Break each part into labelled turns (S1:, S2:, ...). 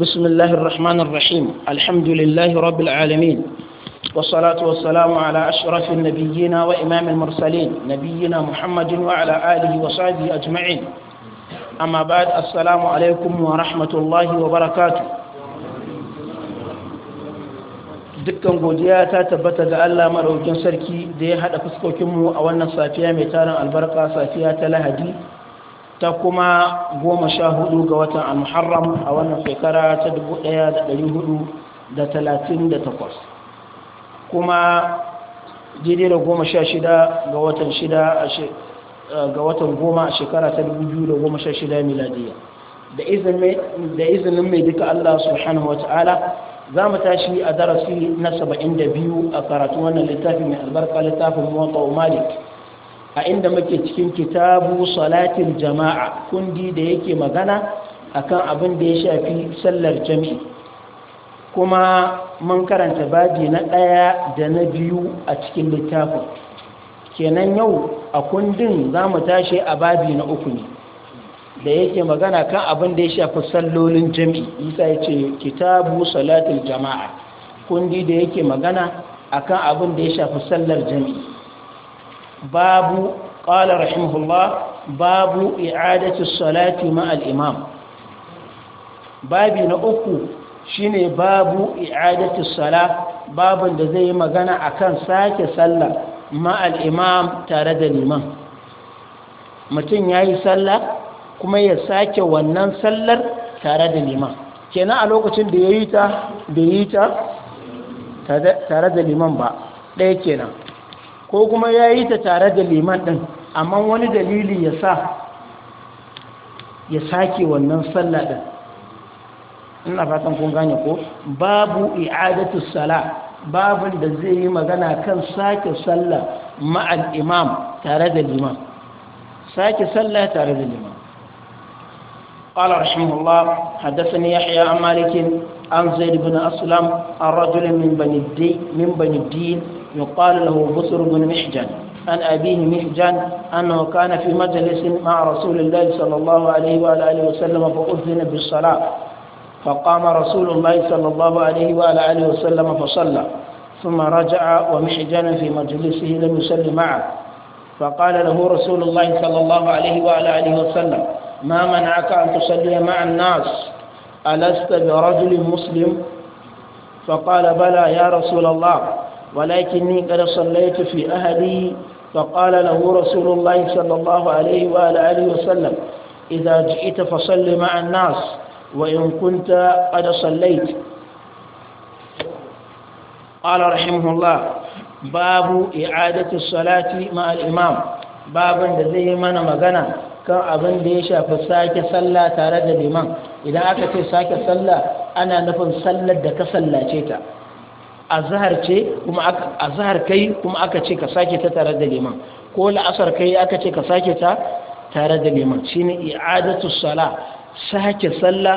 S1: بسم الله الرحمن الرحيم الحمد لله رب العالمين والصلاة والسلام على أشرف النبيين وإمام المرسلين نبينا محمد وعلى آله وصحبه أجمعين أما بعد السلام عليكم ورحمة الله وبركاته dukkan godiya ta tabbata ga Allah maraukin sarki da ya haɗa fuskokinmu a wannan safiya mai tarin albarka safiya ta lahadi ta kuma goma sha hudu ga watan al-muharram a wannan shekara ta dubu ɗaya da ɗari hudu da talatin da takwas kuma daidai da goma sha shida ga watan shida ga watan goma a shekara ta dubu biyu da goma sha shida miladiyya da izinin mai duka Allah subhanahu wa ta'ala za mu tashi a darasi na saba'in da biyu a karatu wannan littafi mai albarka littafin muwaƙa malik a inda muke cikin kitabu salatin jama'a kundi da yake magana akan abin da ya shafi sallar jami'i kuma mun karanta babi na ɗaya da na biyu a cikin littafi. kenan yau a kundin za mu tashi a babi na uku ne da yake magana kan abin da ya shafi sallolin jami'i isa ya ce kitabu salatin jama'a kundi da yake magana akan abin da ya shafi sallar jami'i babu qala rahimahullah babu i'adatu salati ma al-imam babi na uku shine babu i'adatu sala babin da zai yi magana akan sake sallah ma al-imam tare da liman mutum yayi sallah kuma ya sake wannan sallar tare da liman kenan a lokacin da yayi ta yi ta tare da liman ba ɗaya kenan ko kuma ya yi ta tare da liman ɗin amma wani dalili ya sa ya sake wannan sallah ɗin ina fatan kun gane ko babu i'adatu sala babu da zai yi magana kan sake sallah ma'al imam tare da liman sake sallah tare da liman قال رحمه الله حدثني يحيى عن مالك عن زيد بن أسلم عن رجل من بني الدين يقال له بسر بن محجن عن أبيه محجن أنه كان في مجلس مع رسول الله صلى الله عليه وآله وسلم فأذن بالصلاة فقام رسول الله صلى الله عليه وآله وسلم فصلى ثم رجع ومحجن في مجلسه لم يصل معه فقال له رسول الله صلى الله عليه وآله وسلم ما منعك أن تصلي مع الناس ألست برجل مسلم فقال بلى يا رسول الله ولكني قد صليت في أهلي فقال له رسول الله صلى الله عليه وآله وسلم إذا جئت فصل مع الناس وإن كنت قد صليت قال رحمه الله باب إعادة الصلاة مع الإمام باب الذي من مغنى كان أبن ديشا فساك shafi تارد الإمام إذا أكت ساك idan أنا نفن sake دك ana جيتا azhar ce kuma azhar kai kuma aka ce ka sake ta tare da liman ko la'asar kai aka ce ka sake ta tare da liman shine i'adatu sala sake sallah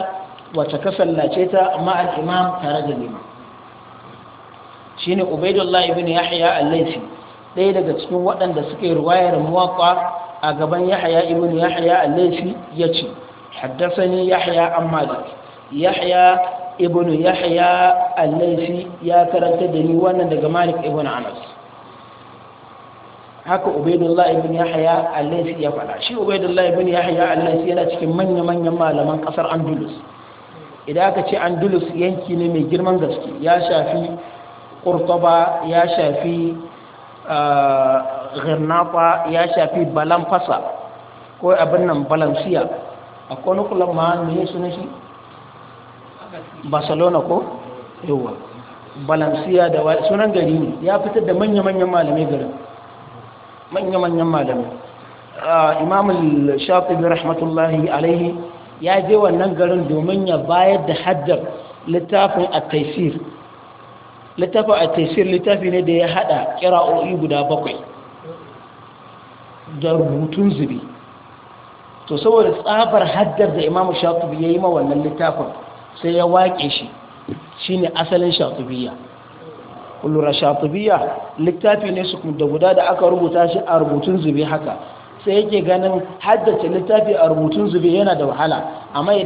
S1: wata ka sallace ta amma al-imam tare da liman shine ubaidullah ibn yahya al-laythi ɗaya daga cikin waɗanda suke ruwayar muwaqqa a gaban yahya ibn yahya al-laythi yace haddathani yahya an yahya ibn yahya al-laysi ya karanta da ni wannan daga malik ibn anas haka ubaidullah ibn yahya al-laysi ya fara. shi ubaidullah ibn yahya al-laysi yana cikin manya manyan malaman kasar andalus idan aka ce andalus yanki ne mai girman gaske ya shafi qurtuba ya shafi ah, girnafa, ya shafi balan fasa ko abin nan balansiya akwai nukulan kulama sunan shi barcelona ko yawa balansiya da sunan gari ne ya fitar da manya-manyan malamai garin manya-manyan malamai ah, imam shafi rahmatullahi alaihi ya je wannan garin domin ya bayar da haddar littafin a taisir littafin a taisir littafi ne da ya hada kira'o'i guda bakwai da rubutun zubi to saboda tsabar haddar da imam shafi ya yi ma wannan littafin sai ya waƙe shi shine asalin shatubiya kullura shatubiya littafi ne su da guda da aka rubuta shi a rubutun zube haka sai yake ganin haddace littafi a rubutun zube yana da wahala amma idan